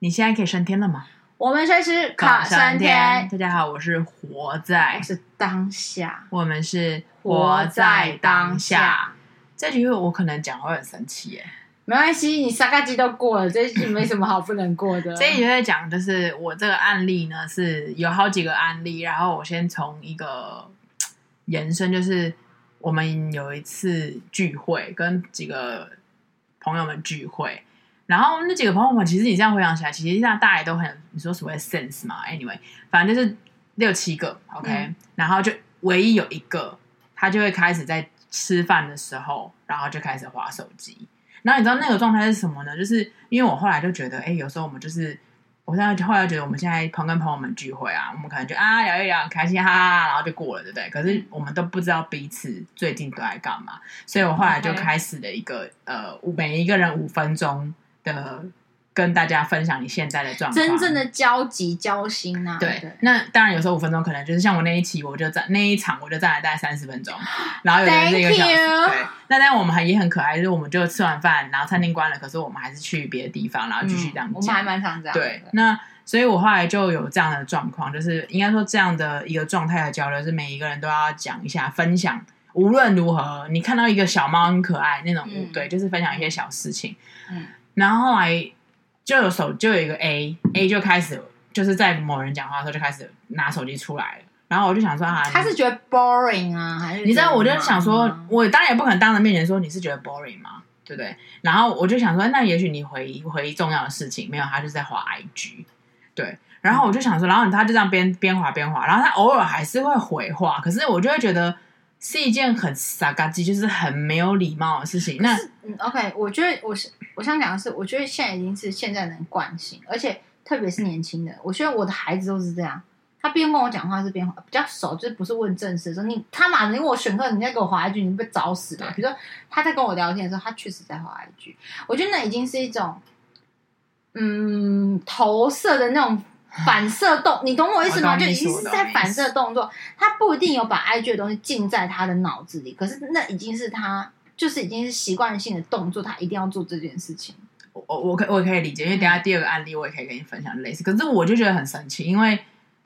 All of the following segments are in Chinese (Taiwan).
你現在可以升天了嗎？我們隨時卡升天，啊，升天。大家好，我是活在我是當下。我們是活在當下。當下這句話我可能講會很神奇耶。沒關係，你三個機都過了，這句沒什麼好不能過的。 這句在講，就是我這個案例呢是有好幾個案例，然後我先從一個，呃，延伸，就是我們有一次聚會，跟幾個朋友們聚會。然後那幾個朋友們，其實你這樣回想起來，其實那大家都很，你說所謂 sense 嘛？Anyway，反正就是六七個，OK、嗯。然後就唯一有一個，他就會開始在吃飯的時候，然後就開始划手機。然後你知道那個狀態是什麼呢？就是因為我後來就覺得，哎、欸，有時候我們就是，我現在後來就覺得我們現在朋跟朋友們聚會啊，我們可能就啊聊一聊，開心，哈哈，然後就過了，對不對？可是我們都不知道彼此最近都在幹嘛，所以我後來就開始了一個、嗯 okay、呃，每一個人五分鐘。呃，跟大家分享你現在的狀況，真正的交集交心吶、啊。對，對，那當然有時候五分鐘可能就是像我那一期，我就在那一場，我就站了大概三十分鐘。然後有的是一個小時 Thank you. 對。那但我們還也很可愛，就是我們就吃完飯，然後餐廳關了，嗯、可是我們還是去別的地方，然後繼續這樣。我們還蠻常這樣。對。那所以，我後來就有這樣的狀況，就是應該說這樣的一個狀態和交流，是每一個人都要講一下分享。無論如何，你看到一個小貓很可愛那種，嗯、對，就是分享一些小事情。嗯。然後後來就有手就有一個 A A 就開始就是在某人講話的時候就開始拿手機出來了，然後我就想說啊，他是覺得 boring 啊還是？你知道我就想說，我當然也不可能當着面前說你是覺得 boring 嘛，對不對？然後我就想說，那也許你回憶回憶重要的事情沒有，他就是在划 IG，對。然後我就想說，然後他就這樣邊邊划邊划，然後他偶爾還是會回話，可是我就會覺得。是一件很傻嘎嘰，就是很沒有禮貌的事情。那嗯，OK，我覺得我是我想講的是，我覺得現在已經是現在人慣性，而且特別是年輕人，嗯、我覺得我的孩子都是這樣，他邊跟我講話是邊比較熟，就是不是問正事的時候，你他媽上因我選課，你再給我滑 IG，你被找死了。比如說他在跟我聊天的時候，他確實在滑 IG，我覺得那已經是一種嗯投射的那種。反射動，你懂我意思嗎？哦、就已經是在反射動作，他不一定有把 IG 的東西浸在他的腦子裡，嗯、可是那已經是他，就是已經是習慣性的動作，他一定要做這件事情。我我可我可以理解，因為等下第二個案例我也可以跟你分享類似。可是我就覺得很神奇，因為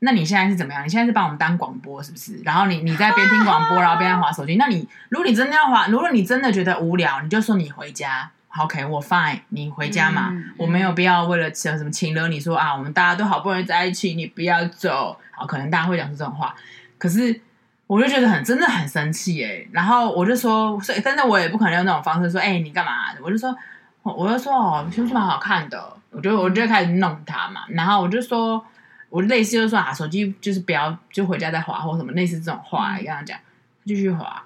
那你現在是怎麼樣？你現在是把我們當廣播是不是？然後你你在邊聽廣播，啊、然後邊在划手機。那你如果你真的要划，如果你真的覺得無聊，你就說你回家。OK，我 fine，你回家嘛？嗯嗯、我沒有必要為了什麼請了你說啊，我們大家都好不容易在一起，你不要走。好，可能大家會講出這種話，可是我就覺得很真的很生氣誒、欸，然後我就說，所以真的我也不可能用那種方式說，哎、欸，你幹嘛、啊？我就說，我，我就說哦，是不是蠻好看的？我就我就開始弄它嘛。然後我就說，我類似就是說啊，手機就是不要就回家再划或什麼類似這種話跟他講，繼續划。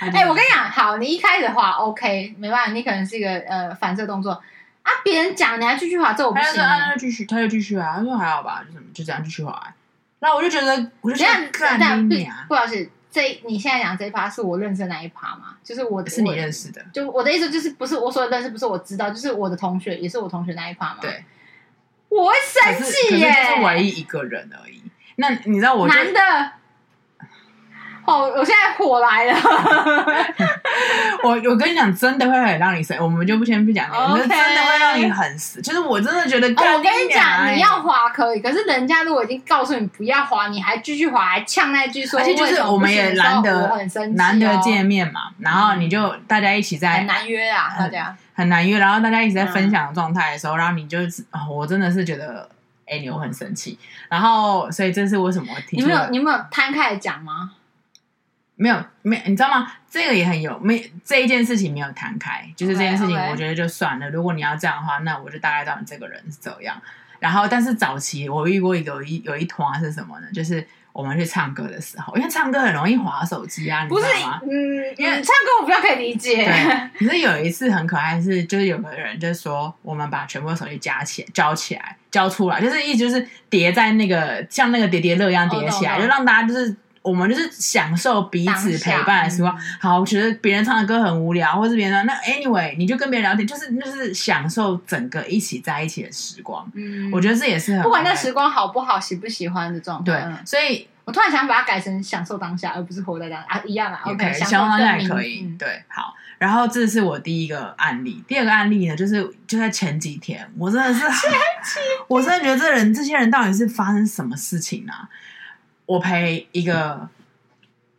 哎、欸，我跟你講，好，你一開始滑，OK，沒辦法，你可能是一個呃反射動作啊。別人講，你還繼續滑，這我不行。他就繼續，他就繼續啊，他說還好吧，就，就這樣繼續滑、欸。然後我就覺得，我這樣、啊，這樣，顧老師，這你現在講這一趴是我認識的那一趴嗎？就是我的是你認識的，就我的意思就是不是我說的認識，不是我知道，就是我的同學也是我同學那一趴嗎？對，我會生氣耶、欸，可是，可是，就是唯一一個人而已。那你讓我男的。哦，oh, 我現在火來了！ 我我跟你講，真的會很讓你生，我們就不先不講了。Okay. 欸、真的會讓你很死，就是我真的覺得、啊哦。我跟你講，你要滑可以，可是人家如果已經告訴你不要滑，你還繼續滑，還嗆那句說，而且就是我們也難得很難、哦、得見面嘛，然後你就、嗯、大家一起在很難約啊，大家、呃、很難約，然後大家一直在分享狀態的時候，嗯、然後你就、哦、我真的是覺得哎你有、欸、很生氣，然後所以這是為什麼提你們有，有你們有攤開來講嗎？沒有，沒，你知道嗎？這個也很有，沒，這一件事情沒有談開，就是這件事情，我覺得就算了。Right, right. 如果你要這樣的話，那我就大概知道你這個人是怎樣。然後，但是早期我遇過一個，有一，有一團是什麼呢？就是我們去唱歌的時候，因為唱歌很容易滑手機啊，你知道不是嗎？嗯，因為、嗯、唱歌我比較可以理解。 可是有一次很可愛是，是就是有個人就說，我們把全部手機夾起來、交起來、交出來，就是一直就是疊在那個像那個疊疊樂一樣疊起來，oh, no, no. 就讓大家就是。我們就是享受彼此陪伴的時光。嗯、好，我覺得別人唱的歌很無聊，或是別人那 anyway，你就跟別人聊天，就是就是享受整個一起在一起的時光。嗯，我覺得這也是很不管那時光好不好，喜不喜歡的狀態。對，所以我突然想把它改成享受當下，而不是活在當下啊，一樣的，OK 享受當下也可以。嗯、對，好。然後這是我第一個案例，第二個案例呢，就是就在前幾天，我真的是，我真的覺得這人這些人到底是發生什麼事情啊？我陪一個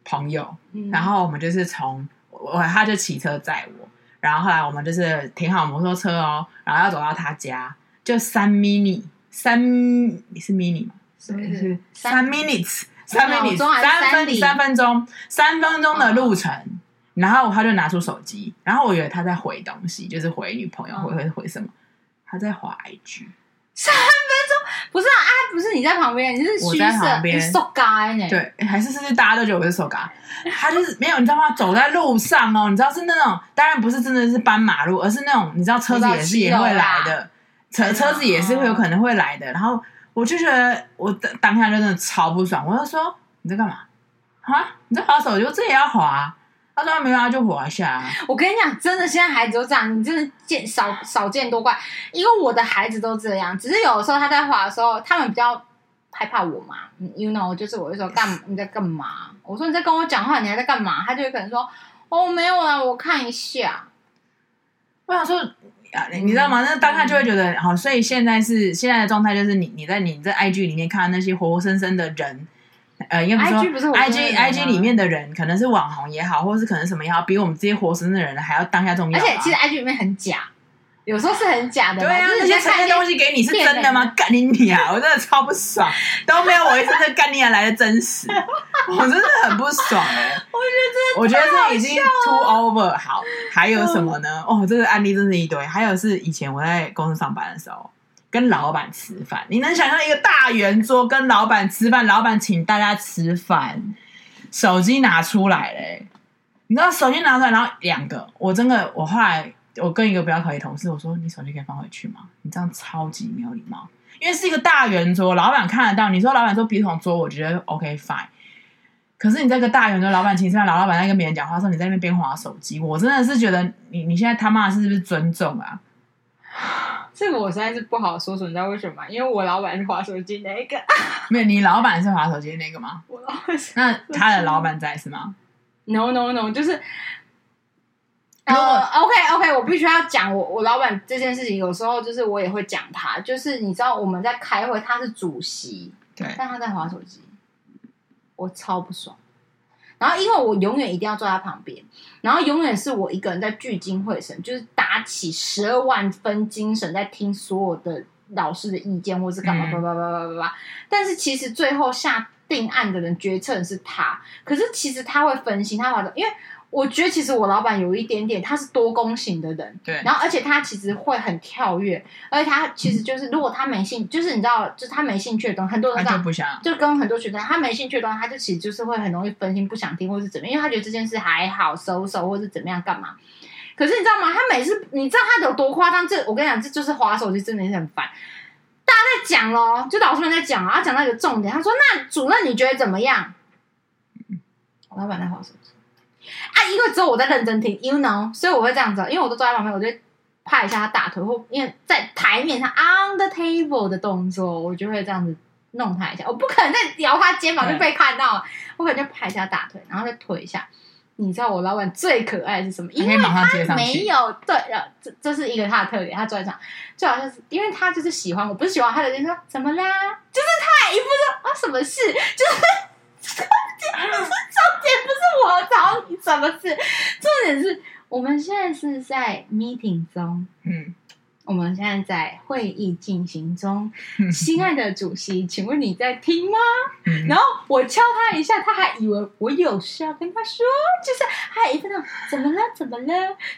朋友，嗯、然後我們就是從我他就騎車載我，然後後來我們就是停好摩托車哦，然後要走到他家，就三米三米你是米米嗎？是,是三 minutes 三 minutes 三分三分鐘三分鐘的路程，哦、然後他就拿出手機，然後我以為他在回東西，就是回女朋友，哦、回回回什麼，他在滑 IG 三。不是啊，啊，不是你在旁邊，你是虛設，我在旁你是塑膠呢？對、欸，還是是大家都覺得我是塑膠？還、 就是沒有？你知道嗎？走在路上哦，你知道是那種，當然不是真的是斑馬路，而是那種你知道車子也是也會來的，車車子也是會有可能會來的。 然後我就覺得我當下就真的超不爽，我就說，你在幹嘛？哈？你在滑手就這也要滑？他，說他沒有，啊，就滑下。我跟你講，真的，現在孩子都這樣，你真的見少少見多怪。因為我的孩子都這樣，只是有時候他在滑的時候，他們比較害怕我嘛。You know，就是我會說幹，Yes. 你在幹嘛？我說你在跟我講話，你還在幹嘛？他就可能說，哦，沒有啊，我看一下。我想說，你知道嗎？嗯、那大概就會覺得好，所以現在是現在的狀態，就是你你在你在 IG 裡面看那些活，活生生的人。呃，要不說，I G I G 裡面的人，可能是網紅也好，或者是可能什麼也好，比我們這些活生生的人還要當下重要、啊。而且，其實 I G 裡面很假，有時候是很假的。對啊，那些呈現東西給你是真的嗎？幹你娘！我真的超不爽，都沒有我一次的幹你娘來的真實， 我真的很不爽哎、欸。我覺得，這已經 too over。好，還有什麼呢？哦，這個案例真是一堆。還有是以前我在公司上班的時候，跟老板吃飯，你能想象一個大圓桌跟老板吃飯，老板請大家吃飯，手機拿出來嘞？你知道手機拿出來，然後兩個，我真的，我後來我跟一個比較考慮同事，我說你手機可以放回去嗎？你這樣超級沒有禮貌，因為是一個大圓桌，老板看得到。你說老板說筆筒桌，我覺得 OK fine，可是你這個大圓桌，老板請吃飯，老老板在跟別人講話說你在那邊邊劃手機，我真的是覺得你你現在他媽是不是尊重啊？這個我實在是不好說，你知道為什麼？因為我老板是滑手機那個。 沒有，你老板是滑手機那個嗎？ 那他的老板在是嗎？No No No，就是…… o No, no.，uh, k okay, OK，我必須要講我我老板這件事情。有時候就是我也會講他，就是你知道我們在開會，他是主席，Okay. 但他在滑手機，我超不爽。然後，因為我永遠一定要坐在他旁邊，然後永遠是我一個人在聚精會神，就是打起十二萬分精神在聽所有的老師的意見，或是幹嘛叭叭叭叭叭叭。但是其實最後下定案的人，決策是他，可是其實他會分心，他把因為。我覺得其實我老闆有一點點，他是多工型的人，對。然後而且他其實會很跳躍，而且他其實就是如果他沒興，就是你知道，就是他沒興趣的東西，很多人他就不想，就跟很多學生他沒興趣的東西，他就其實就是會很容易分心，不想聽或是怎麼樣，因為他覺得這件事還好收手或是怎麼樣幹嘛。可是你知道嗎？他每次你知道他有多誇張？這我跟你講，這就是滑手機真的是很煩。大家在講哦，就老師們在講啊，講到一個重點，他說：“那主任你覺得怎麼樣？”我老闆在滑手機。啊，因為只有我在認真聽，you know，所以我會這樣子，因為我都坐在旁邊，我就拍一下他大腿，或因為在台面上 on the table 的動作，我就會這樣子弄他一下。我不可能再搖他肩膀就被看到了，對我可能就拍一下大腿，然後再腿一下。你知道我老板最可愛的是什麼？因為他沒有他接上對，這這是一個他的特點，他坐在上，最好像、就是因為他就是喜歡我，不是喜歡他的人說怎麼啦？就是他也一副說啊、哦，什麼事？就是。 重點不是我找你什麼事，重點是我們現在是在 meeting 中，嗯，我們現在在會議進行中，心愛的主席，請問你在聽嗎？然後我敲他一下，他還以為我有事要跟他說，就是還一直那種怎麼了怎麼了，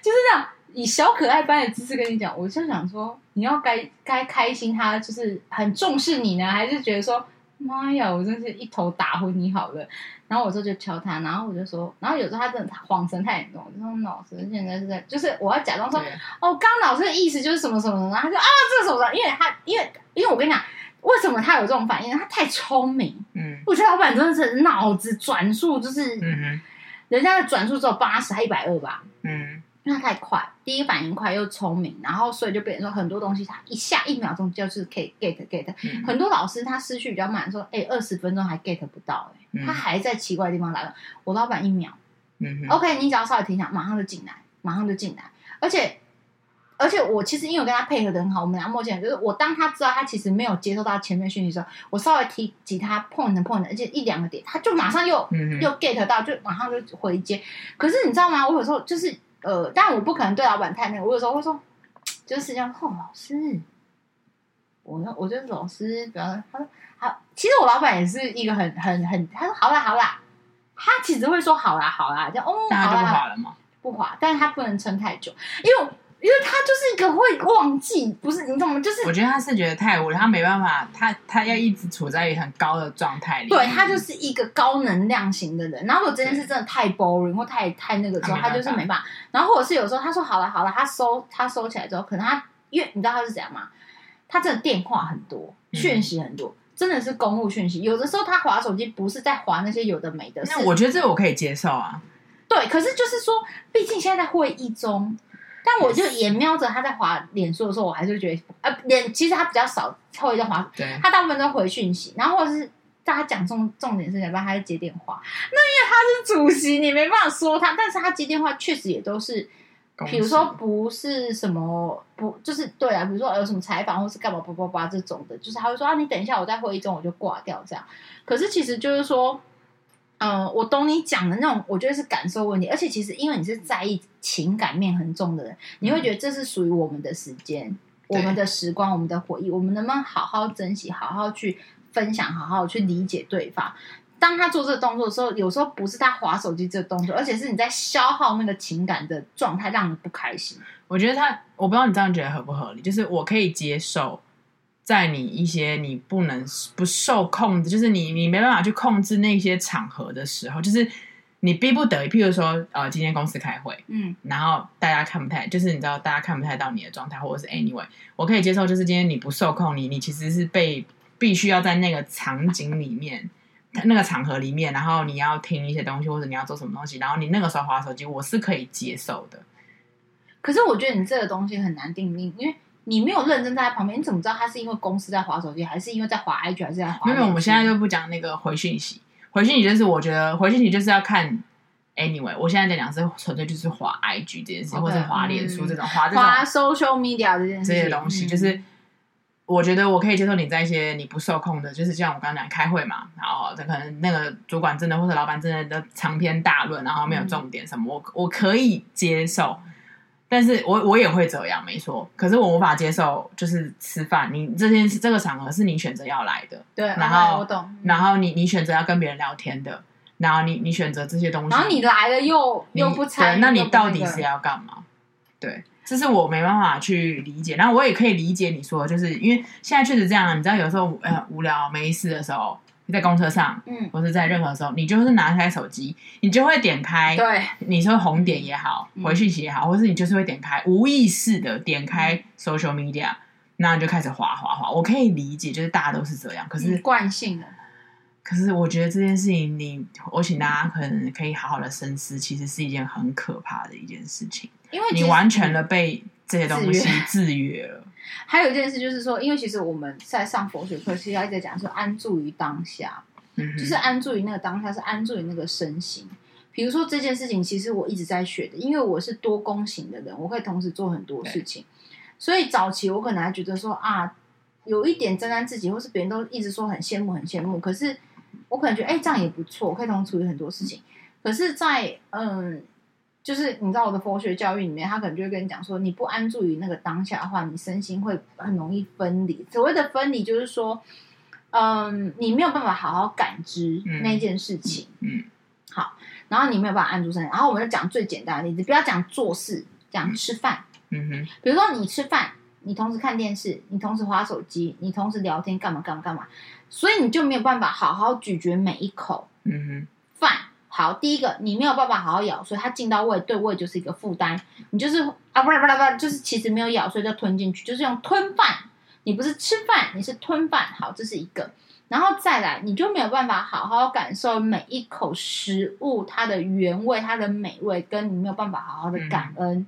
就是這樣以小可愛般的姿勢跟你講，我就想說，你要該該開心，他就是很重視你呢，還是覺得說？媽呀！我真是一頭打昏你好了。然後我說就敲他，然後我就說，然後有時候他真的恍神太嚴重，這種老師現在是在，就是我要假裝說，對哦，剛剛老師的意思就是什麼什麼什麼，他就啊，這是什麼什麼？因為他，因為，因為我跟你講，為什麼他有這種反應？他太聰明，嗯，我覺得老板真的是腦子轉速就是，嗯、哼人家的轉速只有八十還一百二吧，嗯。因為他太快，第一反應快又聰明，然後所以就變成說很多東西，他一下一秒鐘就是可以 get get、嗯哼。很多老師他思緒比較慢，說誒二十分鐘還 get 不到，欸，嗯、哼他還在奇怪的地方來了。我老闆一秒、嗯、哼，o、okay, k 你只要稍微提醒，馬上就進來，馬上就進來。而且而且我其實因為我跟他配合得很好，我們倆默契就是我當他知道他其實沒有接收到前面訊息的時候，我稍微提及他 point 的 point，而且一兩個點，他就馬上又、嗯、哼又 get 到，就馬上就回接。可是你知道嗎？我有時候就是。呃，但我不可能對老闆太那個，我有時候會說，就是這樣。哦，老師，我我就是老師，然後他說好，其實我老闆也是一個很很很，他說好啦好啦，他其實會說好啦好啦，就哦，好啦，不滑了嘛，不滑，但是他不能撐太久，因為我因為他就是一個會忘記，不是你懂嗎？就是我覺得他是覺得太無聊，他沒辦法，他他要一直處在一個很高的狀態裡面。對他就是一個高能量型的人，然後如果這件事真的太 boring 對或太太那個之後，他,他就是沒辦法。然後或者是有時候他說好了好了，他收他收起來之後，可能他因為你知道他是怎樣嗎？他真的電話很多，訊息很多，嗯、真的是公務訊息。有的時候他劃手機不是在劃那些有的沒的。那我覺得這個我可以接受啊。對，可是就是說，畢竟現在,在會議中。但我就也瞄着他在滑臉書的時候，我還是覺得，呃，臉其實他比較少會在滑，對他大部分都回訊息，然後或是大家講重重點事情，不然他在接電話。那因為他是主席，你沒辦法說他，但是他接電話確實也都是，比如說不是什麼主不就是對啊，比如說有什麼採訪或是幹嘛吧吧吧這種的，就是他會說啊，你等一下，我在會議中，我就掛掉這樣。可是其實就是說。嗯，我懂你講的那種，我覺得是感受問題。而且其實，因為你是在意情感面很重的人，嗯、你會覺得這是屬於我們的時間、對我們的時光、我們的回憶。我們能不能好好珍惜、好好去分享、好好去理解對方？嗯、當他做這個動作的時候，有時候不是他划手機這個動作，而且是你在消耗那個情感的狀態，讓你不開心。我覺得他，我不知道你這樣覺得合不合理，就是我可以接受。在你一些你不能不受控制，就是你你沒辦法去控制那些場合的時候，就是你逼不得已，譬如說呃，今天公司開會，嗯，然後大家看不太，就是你知道大家看不太到你的狀態，或者是 anyway，我可以接受，就是今天你不受控，你你其實是被必須要在那個場景裡面、 那個場合裡面，然後你要聽一些東西，或者你要做什麼東西，然後你那個時候滑手機，我是可以接受的。可是我覺得你這個東西很難定義，因為。你沒有認真在他旁邊，你怎麼知道他是因為公司在划手機，還是因為在划 IG，還是在划？因為我們現在就不講那個回信息，回信息就是我覺得回信息就是要看，Anyway，我現在在講是純粹就是滑 IG 這件事情，okay, 嗯、或者滑臉書這種滑這，這 social media 這件事這些東西就是我覺得我可以接受你在一些你不受控的，嗯、就是像我剛剛講開會嘛，然後他可能那個主管真的或者老闆真的都長篇大論，然後沒有重點什麼，嗯、我我可以接受。但是我我也會這樣，沒錯。可是我無法接受，就是吃飯，你這件事，這個場合是你選擇要來的，對，然後、嗯、然後你你選擇要跟別人聊天的，然後你你選擇這些東西，然後你來了又你又不參與，那你到底是要幹嘛？對，這是我沒辦法去理解。然後我也可以理解你說的，就是因為現在確實這樣，你知道，有時候呃無聊沒事的時候。在公車上，嗯，或是在任何時候，嗯、你就是拿開手機，你就會點開，對，你說紅點也好，嗯、回信息也好，或是你就是會點開，無意識的點開 social media，那、嗯、你就開始滑滑滑。我可以理解，就是大家都是這樣，可是慣性的。可是我覺得這件事情你，你我請大家可能可以好好的深思，嗯、其實是一件很可怕的一件事情，因為、就是、你完全的被這些東西制約了。還有一件事就是說，因為其實我們在上佛學課，其實一直講說安住於當下，嗯、哼就是安住於那個當下，是安住於那個身形。比如說這件事情，其實我一直在學的，因為我是多工型的人，我可以同時做很多事情。對所以早期我可能還覺得說啊，有一點沾沾自喜，或是別人都一直說很羨慕，很羨慕。可是我感覺哎、欸，這樣也不錯，我可以同時處理很多事情。嗯、可是在，在嗯。就是你知道我的佛學教育裡面，他可能就會跟你講說，你不安住於那個當下的話，你身心會很容易分離。所謂的分離，就是說，嗯，你沒有辦法好好感知那件事情。嗯，嗯嗯好，然後你沒有辦法安住身心。然後我們就講最簡單的例子，你不要講做事，講吃飯、嗯。嗯哼，嗯比如說你吃飯，你同時看電視，你同時划手機，你同時聊天，幹嘛幹嘛幹嘛，所以你就沒有辦法好好咀嚼每一口嗯哼飯。嗯好，第一個，你沒有辦法好好咬，所以它進到胃，對胃就是一個負擔。你就是啊，不啦不啦不啦，就是其實沒有咬，所以就吞進去，就是用吞飯。你不是吃飯，你是吞飯。好，這是一個。然後再來，你就沒有辦法好好感受每一口食物它的原味、它的美味，跟你沒有辦法好好的感恩、嗯、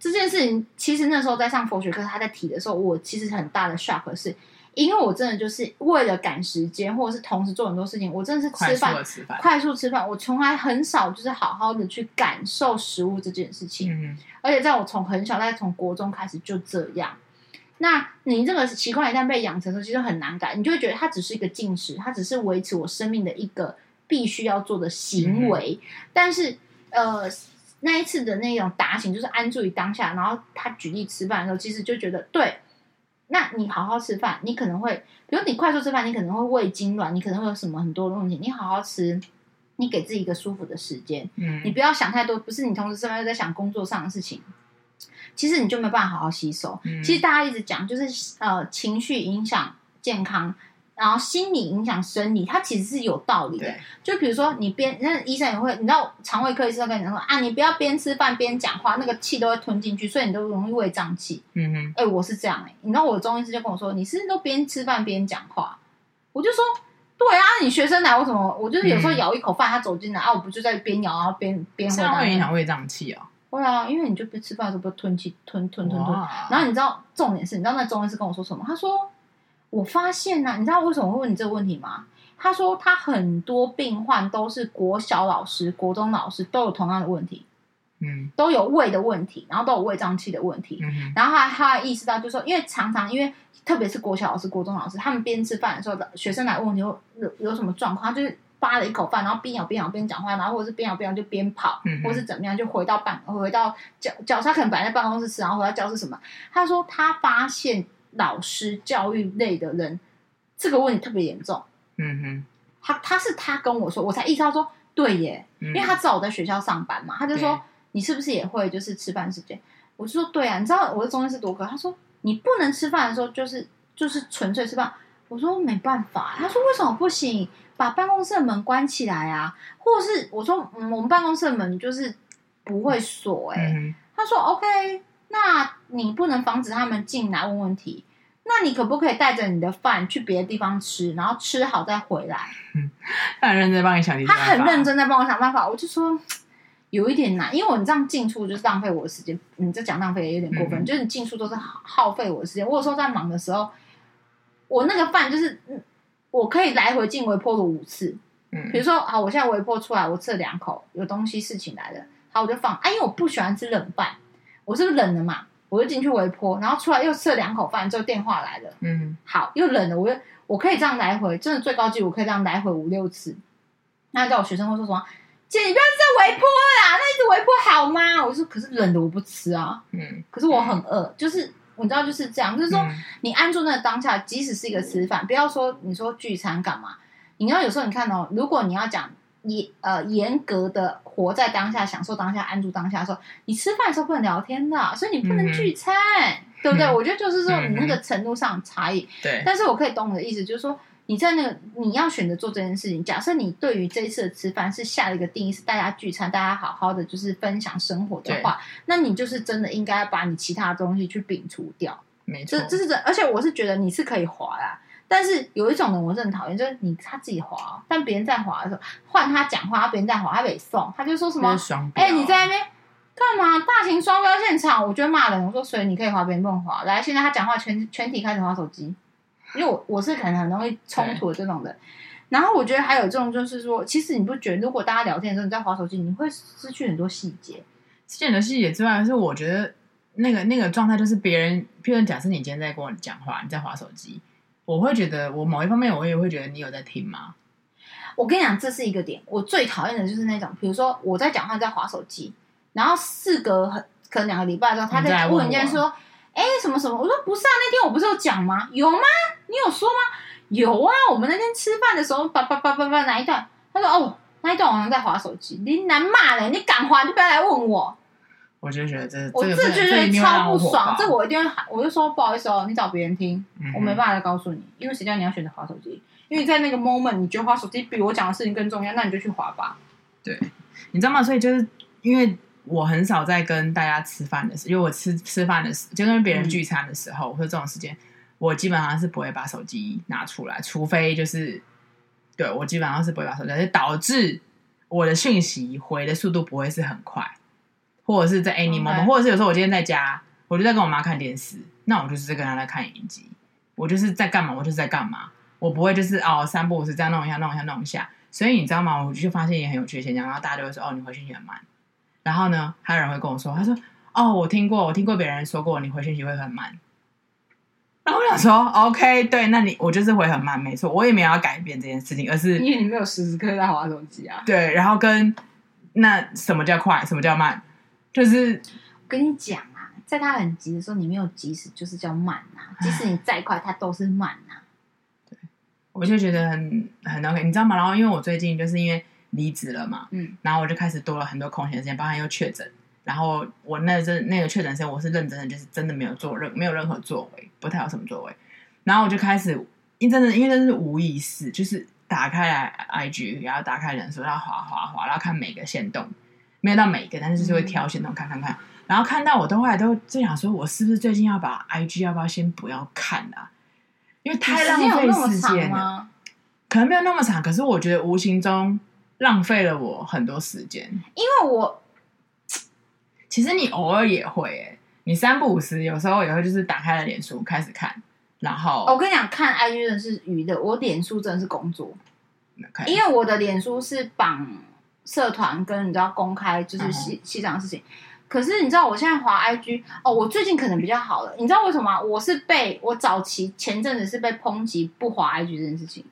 這件事情。其實那時候在上佛學課，他在提的時候，我其實很大的 shock 是。因為我真的就是為了趕時間，或者是同時做很多事情，我真的是吃飯快速的吃飯，快速吃飯。我從來很少就是好好的去感受食物這件事情，嗯嗯，而且在我從很小，大概從國中開始就這樣。那你這個習慣一旦被養成的時候，其實很難改。你就會覺得它只是一個進食，它只是維持我生命的一個必須要做的行為。嗯嗯，但是，呃，那一次的那種打醒，就是安住於當下。然後他舉例吃飯的時候，其實就覺得對。那你好好吃飯，你可能會，比如你快速吃飯，你可能會胃痙攣，你可能會有什麼很多的東西。你好好吃，你給自己一個舒服的時間，嗯，你不要想太多，不是你同時吃飯又在想工作上的事情，其實你就沒有辦法好好吸收。嗯。其實大家一直講，就是呃，情緒影響健康。然後心理影響生理，它其實是有道理的。對就比如說，你邊那醫生也會，你知道腸胃科醫生跟你說啊，你不要邊吃飯邊講話，那個氣都會吞進去，所以你都容易胃脹氣。嗯哼，哎、欸，我是這樣哎、欸，你知道我的中醫師就跟我說，你是不是都邊吃飯邊講話，我就說，對啊，你學生來為什麼？我就是有時候咬一口飯，他走進來、嗯、啊，我不就在邊咬啊，後邊邊會不會影響胃脹氣啊、哦？會啊，因為你就邊吃飯的時候吞氣吞吞吞吞，哇然後你知道重點是，你知道那中醫師跟我說什麼？他說。我發現呢、啊，你知道為什麼會問你這個問題嗎？他說他很多病患都是國小老師、國中老師都有同樣的問題，嗯，都有胃的問題，然後都有胃脹氣的問題，嗯、哼然後他他意識到就是說，因為常常因為特別是國小老師、國中老師，他們邊吃飯的時候，學生來問你有有什麼狀況，他就是扒了一口飯，然後邊咬邊咬邊講話，然後或者是邊咬邊咬就邊跑，嗯、哼或者是怎麼樣就回到辦回到教教室，他可能擺在辦公室吃，然後回到教室什麼？他說他發現。老師教育類的人，這個問題特別嚴重。嗯哼，他他是他跟我說，我才意識到說，對耶，嗯、因為他知道我在學校上班嘛，他就說對你是不是也會就是吃飯時間？我就說對啊，你知道我的中間是多高？他說你不能吃飯的時候，就是，就是就是純粹吃飯。我說沒辦法，啊。他說為什麼不行？把辦公室的門關起來啊，或者是我說、嗯、我們辦公室的門就是不會鎖哎、欸。嗯、哼他說 OK。那你不能防止他們進來問問題，那你可不可以帶着你的飯去別的地方吃，然後吃好再回來？他很認真在幫你想。他很認真在幫、啊、幫我想辦法。我就說有一點難，因為我這樣進出就是浪費我的時間。你這講浪費也有點過分，嗯、就是你進出都是耗費我的時間。我有時候在忙的時候，我那個飯就是我可以來回進微波爐五次。嗯，比如說啊，我現在微波出來，我吃了兩口，有東西事情來了，好我就放，哎、啊，因為我不喜歡吃冷飯。我是不是冷了嘛？我就進去微波，然後出來又吃了兩口飯，之後電話來了。嗯，好，又冷了，我就我可以這樣來回，真的最高級，我可以這樣來回五六次。那叫我學生會說什麼？姐，你不要再微波啦，那一次微波好嗎？我就說可是冷的，我不吃啊。嗯，可是我很餓，就是你知道就是這樣，就是說、嗯、你安住那個當下，即使是一個吃飯，不要說你說聚餐幹嘛。你要有時候你看哦，如果你要講。嚴呃嚴格的活在當下，享受當下，安住當下的時候，說你吃飯的時候不能聊天的，所以你不能聚餐，嗯、哼對不對？嗯、我覺得就是說你那個程度上差異，嗯。對。但是我可以懂你的意思，就是說你在那個你要選擇做這件事情。假設你對於這一次的吃飯是下了一個定義，是大家聚餐，大家好好的就是分享生活的話，對那你就是真的應該把你其他的東西去摒除掉。沒錯錯。這這是這，而且我是覺得你是可以滑啊。但是有一種人我是很討厭，就是你他自己滑，但別人在滑的時候換他講話，別人在滑，他沒送，他就說什麼？哎，欸、你在那邊幹嘛？大型雙標現場！我覺得罵人，我說所以你可以滑，別人不能滑。來，現在他講話，全全體開始滑手機，因為我我是可能很容易衝突對這種的。然後我覺得還有一種就是說，其實你不覺得，如果大家聊天的時候你在滑手機，你會失去很多細節。失去很多細節之外，是我覺得那個那個狀態就是別人，譬如假設你今天在跟我講話，你在滑手機。我會覺得，我某一方面我也會覺得你有在聽嗎？我跟你講，這是一個點，我最討厭的就是那種，比如說我在講話，在划手機，然後事隔很可能兩個禮拜之後，他在問人家說：“哎、啊，什麼什麼？”我說：“不是啊，那天我不是有講嗎？有嗎？你有說嗎？”有啊，我們那天吃飯的時候，叭叭叭叭叭，哪一段？他說：“哦，那一段我好像在划手機。”林南罵人，你敢划就不要來問我。我就覺得這，我自覺得超不爽，這我一定會喊，我就說不好意思哦，你找別人聽。嗯、哼我沒辦法再告訴你，因為實際上你要選擇劃手機，因為在那個 moment，你覺得劃手機比我講的事情更重要，那你就去劃吧。對，你知道嗎？所以就是因為我很少在跟大家吃飯的時候，因為我吃吃飯的時候，就跟別人聚餐的時候，嗯、我說這種時間，我基本上是不會把手機拿出來，除非就是，對我基本上是不會把手機拿出來，導致我的訊息回的速度不會是很快。或者是在 AnyModel，、嗯、欸、或者是有時候我今天在家，我就在跟我媽看電視，那我就是在跟她在看影集，我就是在幹嘛，我就是在幹嘛，我，嘛我不會就是哦三不五時，我是這樣弄一，弄一下，弄一下，弄一下。所以你知道嗎？我就發現也很有趣，現象，然後大家就會說哦，你回信息很慢。然後呢，還有人會跟我說，他說哦，我聽過，我聽過別人說過你回信息會很慢。然後我想說 ，OK，對，那你我就是會很慢，沒錯，我也沒有要改變這件事情，而是因為你也沒有時時刻刻在玩手機啊。對，然後跟那什麼叫快，什麼叫慢？就是，跟你講啊，在他很急的時候，你沒有及時，就是叫慢啊，即使你再快，唉他都是慢啊。對，我就覺得很很 OK，你知道嗎？然後因為我最近就是因為離職了嘛，嗯，然後我就開始多了很多空閒時間，包括又確診。然後我那陣、個、那個確診時間，我是認真的，就是真的沒有做任，沒有任何作為，不太有什麼作為。然後我就開始，因為真的因為那是無意識，就是打開來 IG，然後打開人數，然後滑滑滑，劃，然後看每個限動。沒有到每一個，但是就是會挑選那種，東看、嗯、看看，然後看到我都後來都就想說，我是不是最近要把 I G 要不要先不要看啊？因為太浪費時間了。可能沒有那麼長，可是我覺得無形中浪費了我很多時間。因為我其實你偶爾也會，哎，你三不五時有時候也會就是打開了臉書開始看，然後、哦、我跟你講，看 I G 真的是娛樂，我臉書真的是工作。Okay. 因為我的臉書是綁。社團跟你知道公開就是西藏、嗯、的事情，可是你知道我現在滑 IG 哦，我最近可能比較好了，你知道為什麼、啊、我是被我早期前陣子是被抨擊不滑 IG 這件事情，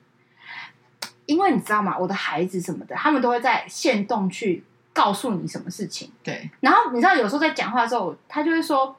因為你知道嗎？我的孩子什麼的，他們都會在限動去告訴你什麼事情。對，然後你知道有時候在講話的時候，他就會說，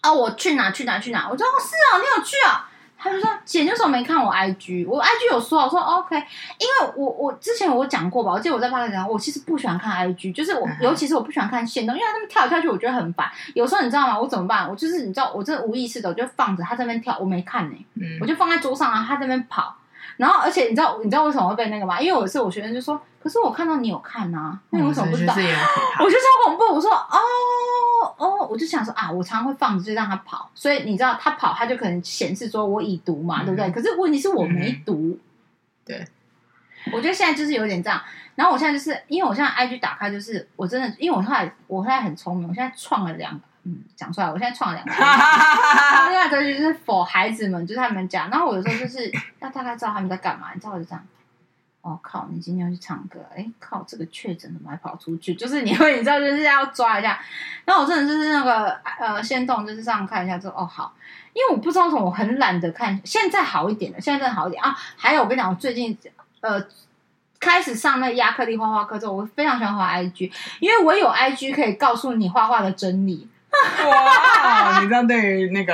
啊、哦，我去哪去哪去哪，我就說哦是啊，你有去啊。他就說：“姐就什麼沒看我 IG，我 IG 有說，我說 OK，因為我我之前我講過吧，我記得我在發個講，我其實不喜歡看 IG，就是我，嗯、尤其是我不喜歡看限動，因為他們跳來跳去，我覺得很煩。有時候你知道嗎？我怎麼辦？我就是你知道，我真的無意識的，我就放着他這邊跳，我沒看呢、欸，嗯、我就放在桌上，啊，他這邊跑。”然後，而且你知道你知道為什麼會被那個嗎？因為我是我學生就說：“可是我看到你有看啊，那你為什麼不打？”嗯對，就是，我就超恐怖。我說：“哦哦，我就想說啊，我常常會放着就讓他跑，所以你知道他跑，他就可能顯示說我已讀嘛，嗯、對不對？可是問題是我沒讀。嗯、對，我覺得現在就是有點這樣。然後我現在就是因為我現在 IG 打開，就是我真的，因為我後來我後來很聰明，我現在創了兩個。嗯，講出來，我現在創了兩個。在格局是，for 孩子們就是他們講，然後我有時候就是要大概知道他們在幹嘛，你知道我就這樣。我、哦、靠，你今天要去唱歌？哎，靠，這個確診怎麼還跑出去？就是你會，你知道就是要抓一下。然後我真的就是那個呃，先動就是上看一下，後，哦好，因為我不知道怎麼，我很懶得看。現在好一點了，現在真的好一點啊。還有，我跟你講，我最近呃開始上那個壓克力畫畫課之後，我非常喜歡畫 IG，因為我有 IG 可以告訴你畫畫的真理。哇，你這樣對於那個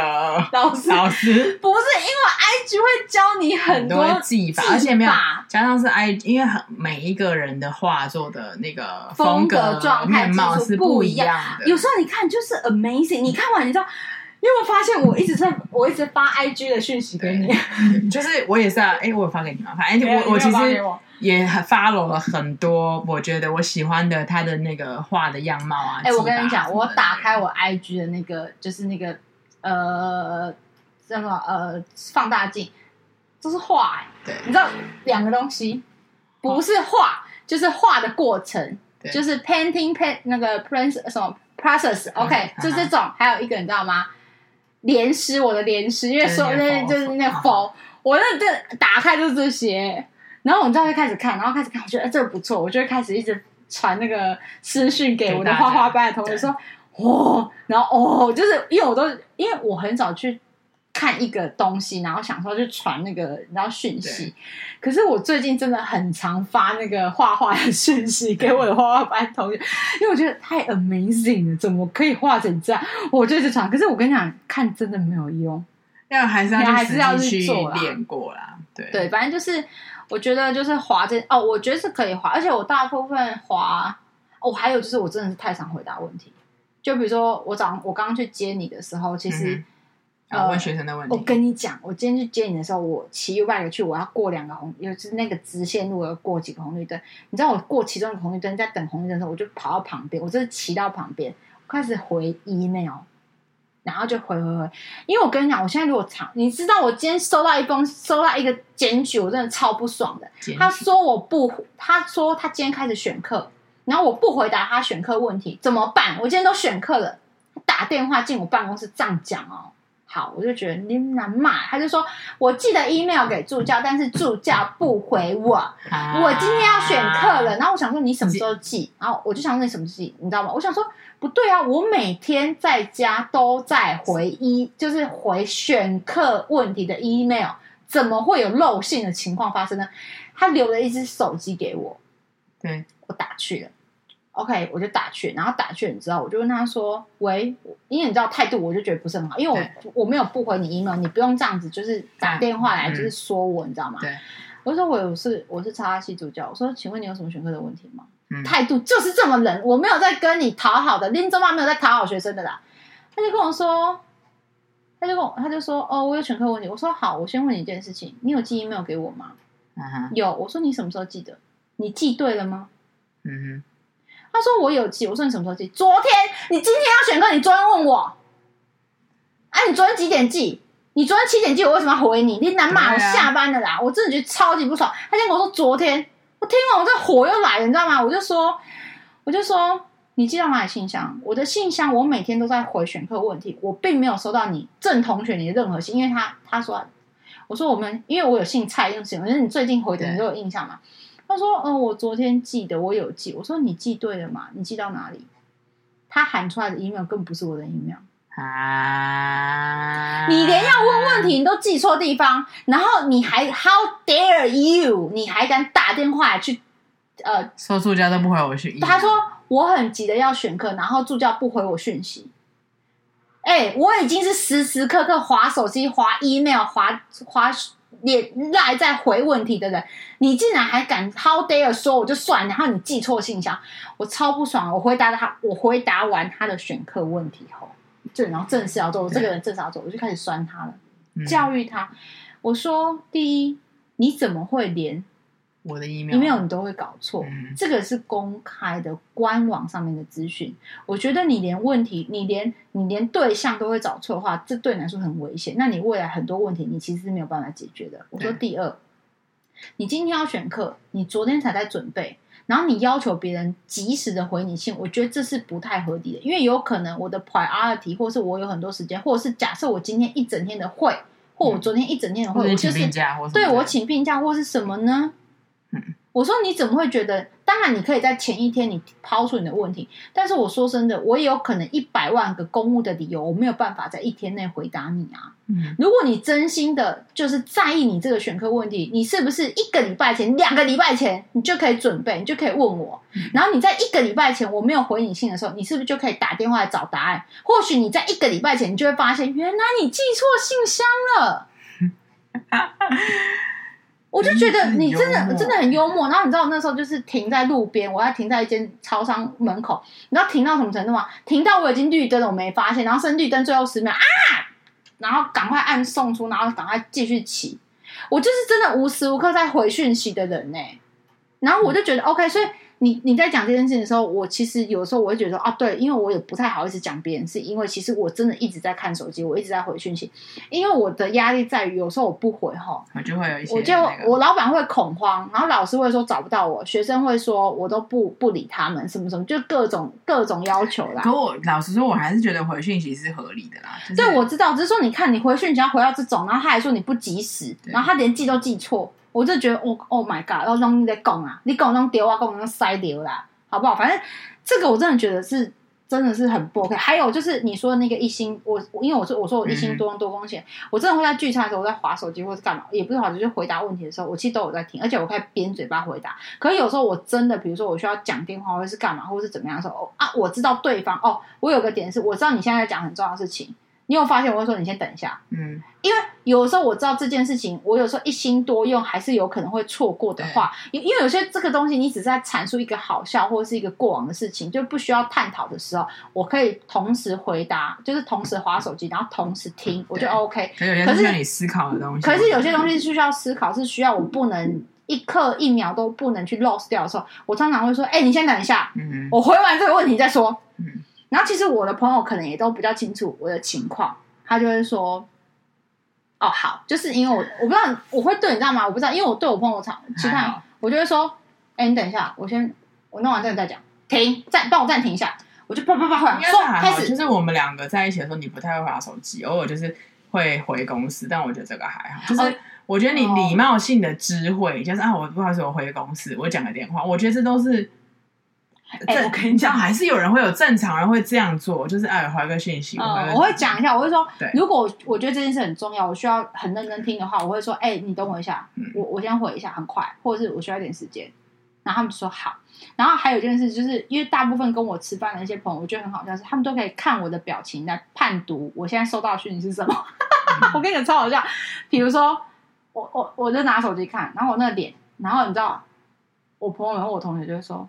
老師，老師不是因為 IG 會教你很多，很多技法，而且沒有加上是 IG，因為很每一個人的畫作的那個風格、狀態、面貌是不一樣的。有時候你看就是 amazing，你看完你知道。嗯因為我發現我一直在，我一直發 IG 的訊息給你，就是我也是啊，哎，我有發給你啊，反正我我其實也發了很多，我覺得我喜歡的他的那個畫的樣貌啊。哎，我跟你講，我打開我 IG 的那個，就是那個呃，什麼呃，放大鏡，就是畫，對，你知道兩個東西，不是畫就是畫的過程，就是 painting paint 那個 prince 什麼 process，OK，就這種，還有一個你知道嗎？連詩，我的連詩，因為說那個、對就是那個包，風我那這打開就是這些，然後我們就開始看，然後開始看，我覺得哎這個不錯，我就開始一直傳那個私訊給我的畫畫班的同學說哦，然後哦，就是因為我都因為我很少去。看一個東西，然後想說去傳那個，然後訊息。對可是我最近真的很常發那個畫畫的訊息給我的畫畫班同學，對因為我覺得太 amazing 了，怎麼可以畫成這樣？我就是想，可是我跟你講，看真的沒有用，要還是要還是要去練過啦。對對，反正就是我覺得就是滑這哦，我覺得是可以滑，而且我大部分滑哦，還有就是我真的是太常回答問題，就比如說我早上我剛剛去接你的時候，其實。嗯呃、我跟你講，我今天去接你的時候，我騎外、right、頭去，我要過兩個紅，就是那個直線路我要過幾個紅綠燈。你知道我過其中一個紅綠燈，在等紅綠燈的時候，我就跑到旁邊，我就是騎到旁邊，開始回 email，然後就回回回。因為我跟你講，我現在如果長，你知道我今天收到一封，收到一個檢舉，我真的超不爽的。檢舉。他說我不，他說他今天開始選課，然後我不回答他選課問題，怎麼辦？我今天都選課了，打電話進我辦公室這樣講哦。好，我就覺得你難罵。他就說，我寄的 email 給助教，但是助教不回我。啊、我今天要選課了，然後我想說你什麼時候寄？解然後我就想問你什麼時候寄，你知道嗎？我想說不對啊，我每天在家都在回，只就是回選課問題的 email，怎麼會有漏信的情況發生呢？他留了一支手機給我，對、嗯、我打去了。OK，我就打去，然後打去，你知道，我就問他說：“喂，因為你知道態度，我就覺得不是很好，因為我對我沒有不回你 email，你不用這樣子就是打電話來就是說我，嗯、你知道嗎？對我說我有事，我是插戲主教，我說請問你有什麼選課的問題嗎？嗯、態度就是這麼冷，我沒有在跟你討好的，恁祖媽沒有在討好學生的啦。他就跟我說，他就跟我他就說：“哦，我有選課問題。”我說：“好，我先問你一件事情，你有寄 email 沒有給我嗎？啊、哈有。”我說：“你什麼時候寄的？你寄對了嗎？”嗯哼。他說我有記，我說你什麼時候記？昨天，你今天要選課，你昨天問我，啊，你昨天幾點記？你昨天七點記，我為什麼要回你？你難罵，我下班了啦，哎、呀我真的覺得超級不爽。他先跟我說昨天，我聽完我這火又來了，你知道嗎？我就說，我就說你寄到哪裡信箱？我的信箱，我每天都在回選課問題，我並沒有收到你鄭同學你的任何信，因為他他說，我說我們因為我有姓蔡，因為什麼？因為你最近回的你都有印象嘛。嗯他說：“呃、哦，我昨天記得我有記，我說你記對了嗎？你記到哪裡？他喊出來的 email 更不是我的 email 啊！你連要問問題你都記錯地方，然後你還 how dare you？你還敢打電話去？呃，說助教都不回我訊息，他說我很急的要選課，然後助教不回我訊息。哎，我已經是時時刻刻划手機、划 email、划划。”連賴在回問題的人，你竟然還敢 how dare 的說我就算，然後你記錯信箱，我超不爽。我回答他，我回答完他的選課問題後，就然後正式要做，我這個人正式要做，我就開始酸他了，教育他。我說：第一，你怎麼會連？我的 email，email 你都會搞錯，嗯、這個是公開的官網上面的資訊。我覺得你連問題，你連你連對象都會找錯的話，這對你來說很危險。那你未來很多問題，你其實是沒有辦法解決的。對我說第二，你今天要選課，你昨天才在準備，然後你要求別人及時的回你信，我覺得這是不太合理的。因為有可能我的 priority，或是我有很多時間，或者是假設我今天一整天的會，嗯、或我昨天一整天的會，或者是請病假我就是我對我請病假或是什麼呢？嗯嗯，我說你怎麼會覺得？當然，你可以在前一天你拋出你的問題，但是我說真的，我也有可能一百萬個公務的理由，我沒有辦法在一天內回答你啊。嗯，如果你真心的，就是在意你這個選科問題，你是不是一個禮拜前、兩個禮拜前，你就可以準備，你就可以問我。然後你在一個禮拜前我沒有回你信的時候，你是不是就可以打電話來找答案？或許你在一個禮拜前，你就會發現，原來你寄錯信箱了。 我就覺得你真的真的很幽默，然後你知道那時候就是停在路邊，我要停在一間超商門口，你知道停到什麼程度嗎？停到我已經綠燈了，我沒發現，然後剩綠燈最後十秒啊，然後趕快按送出，然後趕快繼續騎。我就是真的無時無刻在回訊息的人呢、欸，然後我就覺得、嗯、OK，所以。你你在講這件事情的時候，我其實有時候我會覺得說，啊，對，因為我也不太好意思講別人，是因為其實我真的一直在看手機，我一直在回訊息，因為我的壓力在於，有時候我不回齁，我、嗯、就會有一些、那個我，我就我老闆會恐慌，然後老師會說找不到我，學生會說我都不不理他們，什麼什麼，就各種各種要求啦。可我老實說，我還是覺得回訊息是合理的啦。就是、對，我知道，只、就是說你看你回訊息，你要回到這種，然後他還說你不及時，然後他連記都記錯。對嗯我就覺得哦 oh，Oh my god！然後讓你在講啊，你講那種丟啊，講那種塞丟啦，好不好？反正這個我真的覺得是真的是很不 OK。還有就是你說的那個一心，我因為我說我說我一心多用多風險，嗯、我真的會在聚餐的時候我在划手機，或是幹嘛，也不是划手機，就是、回答問題的時候，我其實都有在聽，而且我開邊嘴巴回答。可是有時候我真的，比如說我需要講電話，或是幹嘛，或是怎麼樣的時候，哦啊，我知道對方哦，我有個點是，我知道你現在在講很重要的事情。你有發現？我會說，你先等一下，嗯，因為有時候我知道這件事情，我有時候一心多用還是有可能會錯過的話，因因為有些這個東西你只是在闡述一個好笑或者是一個過往的事情，就不需要探討的時候，我可以同時回答，就是同時划手機，然後同時聽，我就 OK。可是有些你思考的東西，可是有些東西是需要思考，是需要我不能一刻一秒都不能去 lost 掉的時候，我常常會說：“哎，你先等一下，嗯，我回完這個問題再說。”然後其實我的朋友可能也都比較清楚我的情況，他就會說：“哦，好，就是因為我我不知道我會對你知道嗎？我不知道，因為我對我朋友吵，其他好我就會說：‘哎、欸，你等一下，我先我弄完這個再講。’停，暫幫我暫停一下，我就啪啪啪說。開始就是我們兩個在一起的時候，你不太會划手機，偶爾就是會回公司，但我覺得這個還好。就是我覺得你禮貌性的知會，哦、就是啊，我不知道是我回公司，我講個電話，我覺得這都是。”欸、正我跟你講，嗯、還是有人會有正常人會這樣做，就是哎，回個訊息。我會講一下，我會說，對如果我覺得這件事很重要，我需要很認真聽的話，我會說，哎、欸，你等我一下，嗯、我我先回一下，很快，或者是我需要一點時間。然後他們說好。然後還有一件事，就是因為大部分跟我吃飯的一些朋友，我覺得很好笑，是他們都可以看我的表情來判讀我現在收到訊息是什麼。 嗯、我跟你講超好笑，比如說我我我就拿手機看，然後我那個臉，然後你知道，我朋友和我同學就會說。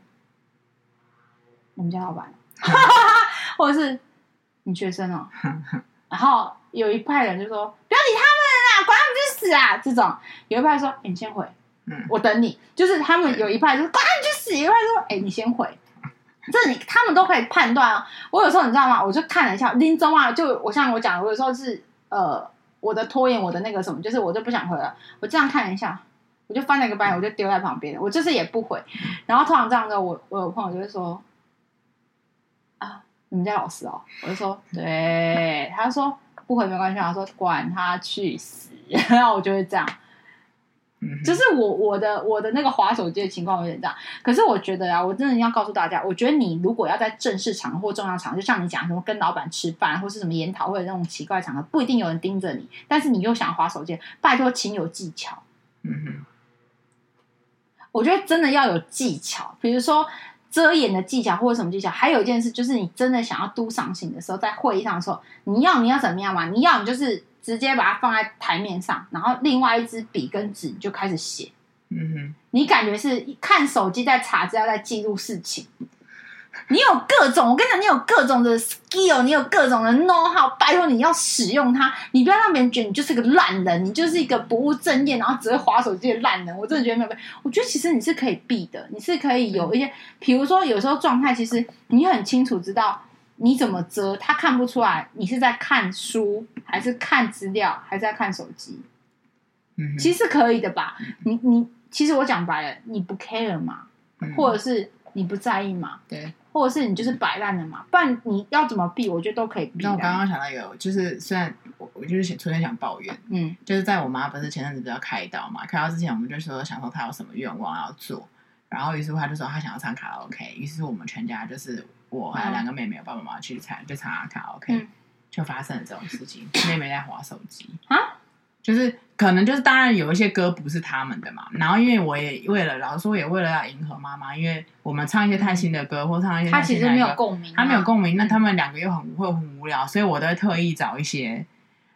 我們家老闆，哈 哈，或者是你學生哦， 然後有一派人就說：“不要理他們啦，管他們去死啊！”這種有一派人說、欸：“你先回，我等你。”就是他們有一派就是“管你去死”，一派人說：“哎、欸，你先回。這”這你他們都可以判斷。我有時候你知道嗎？我就看了一下，拎走啊！就我像我講，我有時候是呃，我的拖延，我的那個什麼，就是我就不想回了。我這樣看一下，我就翻了一個白眼，我就丟在旁邊，我就是也不回。然後通常這樣的，我我有朋友就會說。你們家老師哦，我就說，對，他說不回沒關係，他說管他去死，然 後我就會這樣。就是我我的我的那個劃手機的情況有點大，可是我覺得啊，我真的要告訴大家，我覺得你如果要在正式場合或重要場合，就像你講什麼跟老板吃飯或是什麼研討會那種奇怪的場合，不一定有人盯着你，但是你又想劃手機，拜托，請有技巧。嗯哼，我覺得真的要有技巧，比如說。遮掩的技巧或者什麼技巧，還有一件事就是，你真的想要都上心的時候，在會議上的時候，你要你要怎麼樣嘛？你要你就是直接把它放在台面上，然後另外一支筆跟紙就開始寫。嗯哼、嗯，你感覺是看手機在查資料，在記錄事情。你有各種，我跟你講，你有各種的 skill，你有各種的 know how，拜托你要使用它，你不要讓別人覺得你就是個爛人，你就是一個不務正業，然後只會划手機的爛人。我真的覺得沒有辦法，我覺得其實你是可以避的，你是可以有一些，比如說有時候狀態，其實你很清楚知道你怎麼遮，他看不出來你是在看書還是看資料還是在看手機，其實可以的吧？你你其實我講白了，你不 care 嘛，或者是。你不在意嘛？對，或者是你就是擺爛了嘛？不然你要怎麼避，我覺得都可以避。那我剛剛想到一個就是雖然我我就是突然想抱怨，嗯，就是在我媽不是前陣子要開刀嘛？開刀之前，我們就說想說她有什麼願望要做，然後於是她就說她想要唱卡拉 OK，於是我們全家就是我和兩個妹妹爸爸媽媽、爸好、媽媽去唱，就唱卡拉 OK，、嗯、就發生了這種事情。 妹妹在劃手機啊，就是。可能就是當然有一些歌不是他們的嘛，然後因為我也為了老實說，也為了要迎合媽媽，因為我們唱一些太新的歌或唱一些他其實沒有共鳴，他沒有共鳴、啊，那他們兩個又很會很無聊，所以我都會特意找一些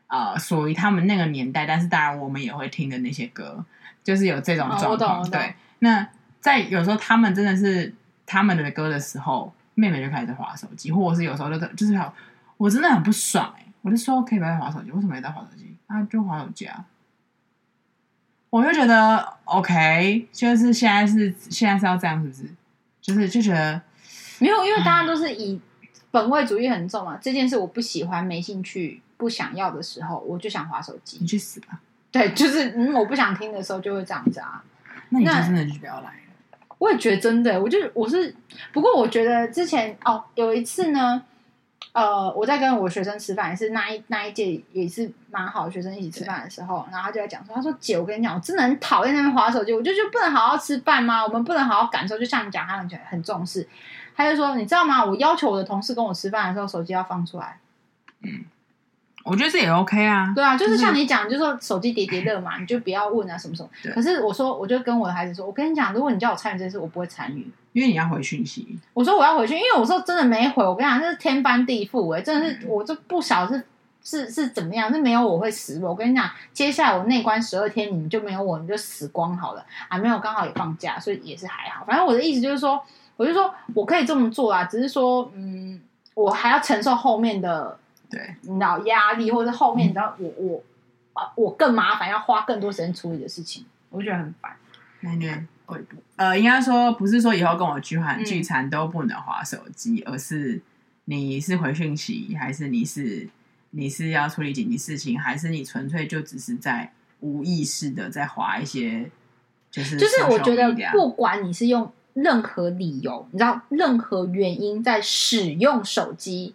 呃屬於他們那個年代，但是當然我們也會聽的那些歌，就是有這種狀況。啊、對，懂那在有時候他們真的是他們的歌的時候，妹妹就開始划手機，或者是有時候就就是好，我真的很不爽哎、欸，我就說可以不要划手機，為什麼要帶划手機？啊，就划手機啊。我就覺得 OK，就是現在是現在是要這樣，是不是？就是就覺得沒有，因為大家都是以本位主義很重嘛、啊。嗯、這件事我不喜歡、沒興趣、不想要的時候，我就想划手機。你去死吧！對，就是、嗯、我不想聽的時候就會這樣子啊。那你就真的就不要來了。我也覺得真的，我就我是不過我覺得之前哦有一次呢。呃，我在跟我學生吃飯，也是那一那一屆也是蠻好的學生一起吃飯的時候，對然後他就在講說，他說姐，我跟你講，我真的很討厭他們划手機，我就就不能好好吃飯嗎？我們不能好好感受？就像你講，他很很重視，他就說，你知道嗎？我要求我的同事跟我吃飯的時候，手機要放出來。嗯，我覺得這也 OK 啊，對啊，就是像你講，的就是說手機疊疊樂嘛，嗯、你就不要問啊什麼什麼。對可是我說，我就跟我的孩子說，我跟你講，如果你叫我參與這件事，我不會參與。因為你要回訊息，我說我要回去，因為我說真的沒回，我跟你講，這是天翻地覆、欸、真的是、嗯、我就不曉得是是是怎麼樣，是沒有我會死，我跟你講，接下來我內觀十二天，你們就沒有我，你就死光好了啊，沒有剛好也放假，所以也是還好，反正我的意思就是說，我就說我可以這麼做啊，只是說，嗯，我還要承受後面的對腦壓力，或者後面、嗯、你知道，我我啊我更麻煩，要花更多時間處理的事情，我覺得很煩，奶年、嗯。嗯呃，應該說不是說以後跟我聚餐，嗯、聚餐都不能划手機，而是你是回訊息，還是你是你是要處理緊急事情，還是你純粹就只是在無意識的在划一些，就是就是我覺得不管你是用任何理由，你知道任何原因在使用手機，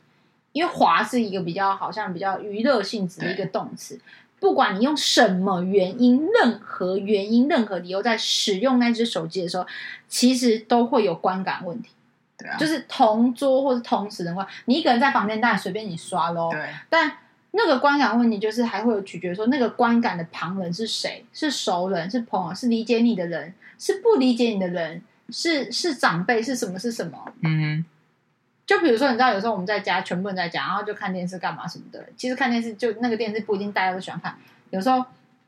因為划是一個比較好像比較娛樂性質的一個動詞。不管你用什麼原因、任何原因、任何理由，在使用那只手機的時候，其實都會有觀感問題。對啊，就是同桌或是同事的話，你一個人在房間，當然隨便你刷咯對但那個觀感問題，就是還會有取決說，那個觀感的旁人是誰？是熟人？是朋友？是理解你的人？是不理解你的人？是是長輩？是什麼？是什麼？嗯。就比如說，你知道有時候我們在家，全部人在家，然後就看電視幹嘛什麼的。其實看電視，就那個電視不一定大家都喜歡看。有時候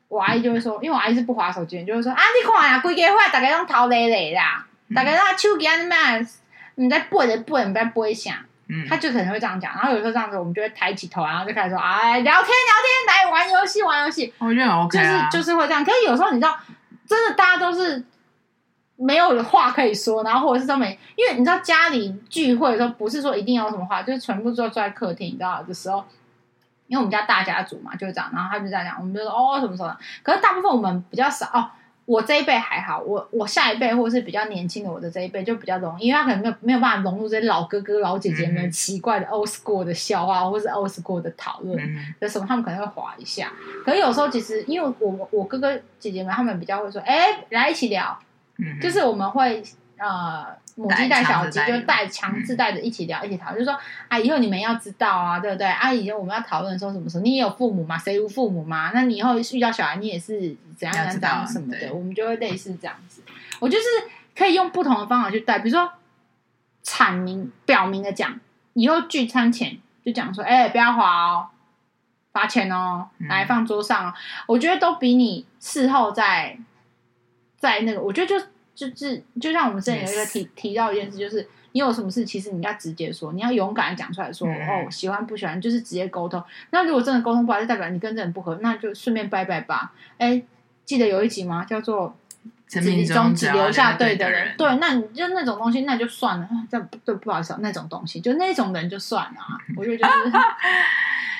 我阿姨就會說，因為我阿姨是不滑手機，就會說啊，你看啊，規個話大概用陶磊磊啦，嗯、大概讓秋吉安麥，你在播的播，你不要不會下。嗯，他就可能會這樣講。然後有時候這樣子，我們就會抬起頭，然後就開始說，哎、啊，聊天聊天，來玩遊戲玩遊戲。我覺得很 OK 啊。就是就是會這樣。可是有時候你知道，真的大家都是，沒有話可以說，然後或者是都沒，因為你知道家裡聚會的時候，不是說一定要什麼話，就是全部坐，坐在客廳，你知道的時候，因為我們家大家族嘛，就這樣，然後他們就這樣講，我們就說哦，什麼時候？可是大部分我們比較少哦，我這一輩還好，我我下一輩或者是比較年輕的我的這一輩就比較容易，因為他可能沒有沒有辦法融入這些老哥哥老姐姐們奇怪的 old school 的笑話或是 old school 的討論的，就什麼他們可能會滑一下。可是有時候其實因為我我哥哥姐姐們他們比較會說，哎，來一起聊。 就是我們會呃母雞帶小雞，就帶強制帶着一起聊一起討、嗯、就就說啊以後你們要知道啊，對不對？啊以後我們要討論說什麼時候，你也有父母嘛？誰無父母嘛？那你以後遇到小孩，你也是怎樣知道什麼的，對我們就會類似這樣子。 我就是可以用不同的方法去帶，比如說闡明、表明的講，以後聚餐前就講說，哎、欸，不要划哦，罰錢哦，來放桌上哦。嗯、我覺得都比你事後再在那個，我覺得就。就是，就像我們之前有一個提 Yes. 提到一件事，就是你有什麼事，其實你要直接說，嗯、你要勇敢的講出來說，說、嗯、哦，喜歡不喜歡，就是直接溝通。那如果真的溝通不來，就代表你跟這人不合，那就順便拜拜吧。哎、欸，記得有一集嗎？叫做《生命中只留下對的,對的人》。對，那你就那種東西，那就算了。這對，不好意思，那種東西，就那種人就算了。 我就覺得、就是。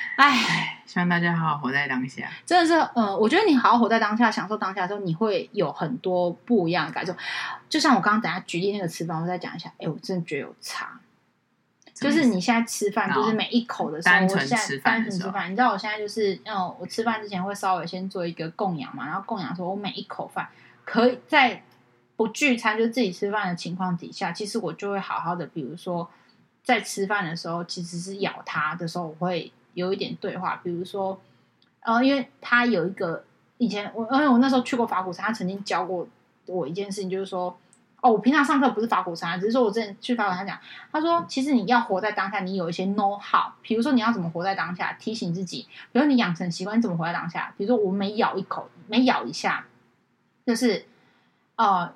哎，希望大家好好活在當下，真的是，嗯，我覺得你好好活在當下，享受當下的時候，你會有很多不一樣的感受。就像我剛剛等下舉例那個吃飯，我再講一下。哎，我真的覺得有差。就是你現在吃飯，就是每一口的時候，時候我現在單純吃飯，你知道，我現在就是，嗯，我吃飯之前會稍微先做一個供養嘛，然後供養，說我每一口飯，可以在不聚餐就是自己吃飯的情況底下，嗯，其實我就會好好的，比如說在吃飯的時候，其實是咬它的時候，我會。有一點對話，比如說，呃，因為他有一個以前我，因為我那時候去過法鼓山，他曾經教過我一件事情，就是說，哦，我平常上課不是法鼓山，啊，只是說我之前去法鼓山他講，他說、嗯、其實你要活在當下，你有一些 know how，比如說你要怎麼活在當下，提醒自己，比如你養成習慣你怎麼活在當下，比如說我每咬一口，每咬一下，就是，呃，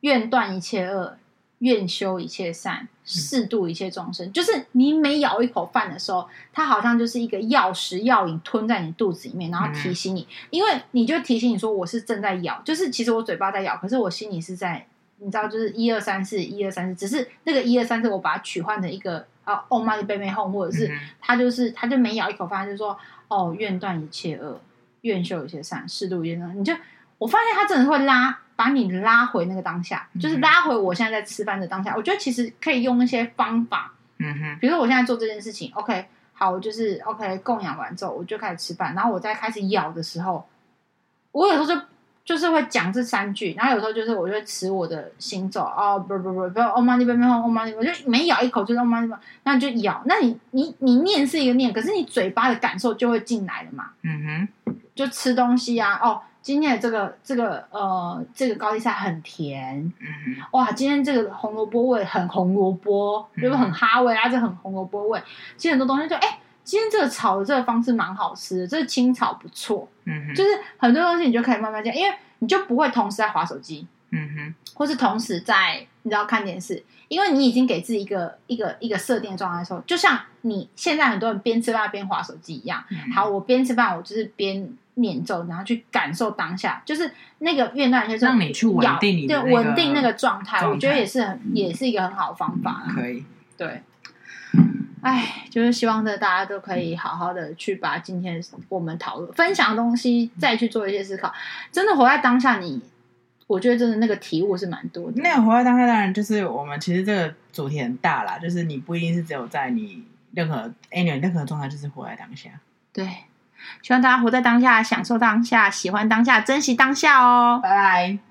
願斷一切惡。願修一切善，誓度一切眾生。嗯、就是你每咬一口飯的時候，它好像就是一個藥食藥飲，吞在你肚子裡面，然後提醒你，嗯、因為你就提醒你說，我是正在咬，就是其實我嘴巴在咬，可是我心裡是在，你知道，就是一二三四，一二三四，只是那個一二三四，我把它取換成一個啊，oh my baby home，或者是他就是他就每咬一口飯就是、說，哦，願斷一切惡，願修一切善，誓度一切善，你就。我發現他真的會拉，把你拉回那個當下，嗯、哼就是拉回我現在在吃飯的當下。我覺得其實可以用一些方法，嗯哼，比如說我現在做這件事情，OK，好，我就是 OK 供養完之後，我就開始吃飯。然後我在開始咬的時候，我有時候就就是會講這三句，然後有時候就是我就會吃我的行走哦，不不不不，哦媽那不邊哦媽那我就每咬一口就是歐媽那邊，嗯、哼那就咬，那你你你念是一個念，可是你嘴巴的感受就會進來了嘛，嗯哼，就吃東西啊，哦。今天的這個這個呃這個高麗菜很甜，嗯哼，哇，今天這個紅蘿蔔味很紅蘿蔔，嗯、哼就是很哈味啊，這很紅蘿蔔味。其實很多東西就哎、欸，今天這個炒的這個方式蠻好吃的，這是、個、清炒不錯，嗯哼，就是很多東西你就可以慢慢講，因為你就不會同時在滑手機，嗯哼，或是同時在你知道看電視，因為你已經給自己一個一個一個設定的狀態的時候，就像你現在很多人邊吃飯邊滑手機一樣，嗯、哼好，我邊吃飯我就是邊。念咒，然後去感受當下，就是那個運動，就是讓你去穩定你對，穩定那個狀態。我覺得也是很，嗯、也是一個很好方法、啊。可以，對。哎，就是希望這大家都可以好好的去把今天我們討論分享的東西，嗯、再去做一些思考。真的活在當下你，你我覺得真的那個體悟是蠻多的。那個活在當下，當然就是我們其實這個主題很大啦，就是你不一定是只有在你任何 any 任何狀態就是活在當下。對。希望大家活在當下，享受當下，喜歡當下，珍惜當下哦。拜拜。